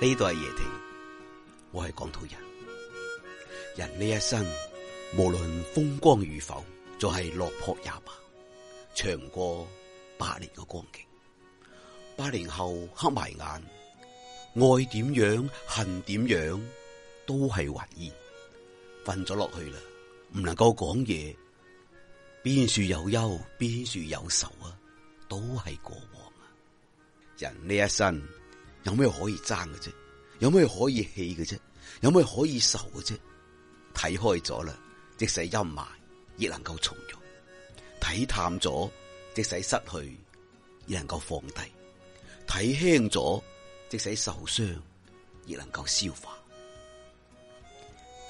呢度係夜庭，我係廣土人。人呢一生，無論風光與否，就係落魄也罷，長過八年嘅光景。八年後黑埋眼，愛點樣恨點樣，都係懷疑。瞓咗落去啦，唔能夠講嘢。邊處有憂，邊處有愁啊，都係過往啊。人呢一生。有咩可以爭嘅啫？有咩可以氣嘅啫？有咩可以愁嘅啫？睇開咗啦，即使陰霾亦能夠從容；睇淡咗，即使失去亦能夠放低；睇輕咗，即使受傷亦能夠消化。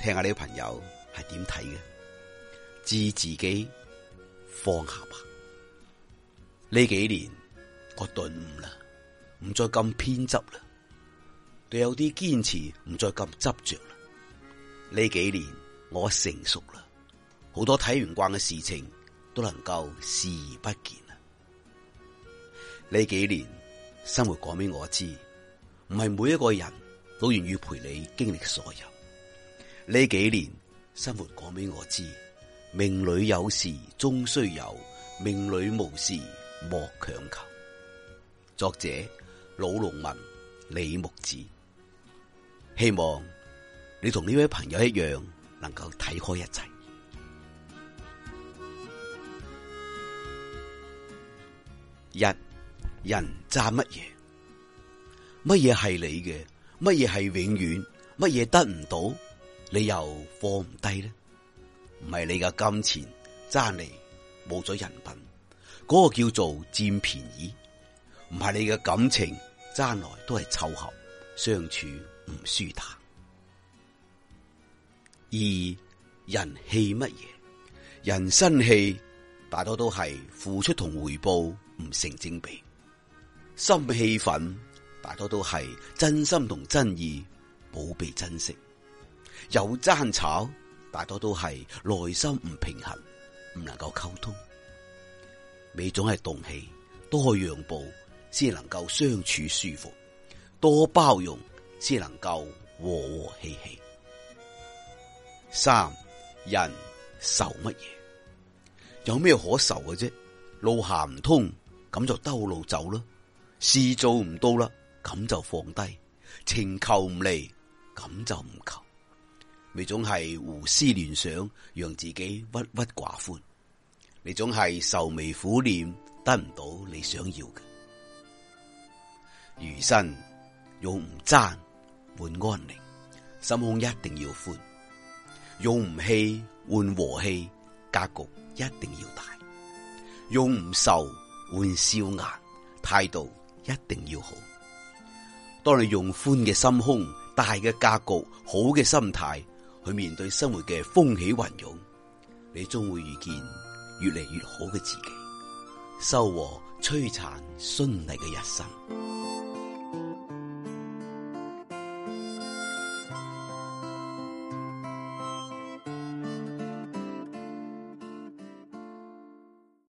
聽下呢個朋友係點睇嘅？自，自己放下吧。呢幾年我頓悟啦。唔再咁偏執啦，對有啲堅持，唔再咁執着啦。呢幾年我成熟啦，好多睇完慣嘅事情都能夠視而不見啦。呢幾年生活講俾我知，唔係每一個人都願意陪你經歷所有。呢幾年生活講俾我知，命裏有時終須有，命裏無時莫強求。作者。老農民李木子，希望你同呢位朋友一樣，能夠睇開一切。日人人爭乜嘢？乜嘢係你嘅？乜嘢係永遠？乜嘢得唔到？你又放唔低呢？唔係你嘅金錢爭嚟，冇咗人品，嗰、嗰個叫做佔便宜，唔係你嘅感情。爭來都係湊合相處唔舒坦，二人氣乜嘢？人生氣大多，多都係付出同回報唔成正比，心氣憤大多都係真心同真意冇被珍惜，有爭吵大多，多都係內心唔平衡，唔能夠溝通，你總係動氣多可讓步，先能夠相處舒服，多包容，先能夠和和氣氣。三人愁乜嘢？有咩可愁嘅啫？路行唔通，咁就兜路走啦；事做唔到啦，咁就放低；情求唔嚟，咁就唔求。你總係胡思亂想，讓自己鬱鬱寡歡；你總係愁眉苦臉，得唔到你想要嘅。餘生用唔爭換安寧，心胸一定要寬；用唔氣換和氣，格局一定要大；用唔愁換笑顏，態度一定要好。當你用寬嘅心胸、大嘅格局、好嘅心態去面對生活嘅風起雲湧，你終會遇見越嚟越好嘅自己，收穫璀璨順利嘅一生。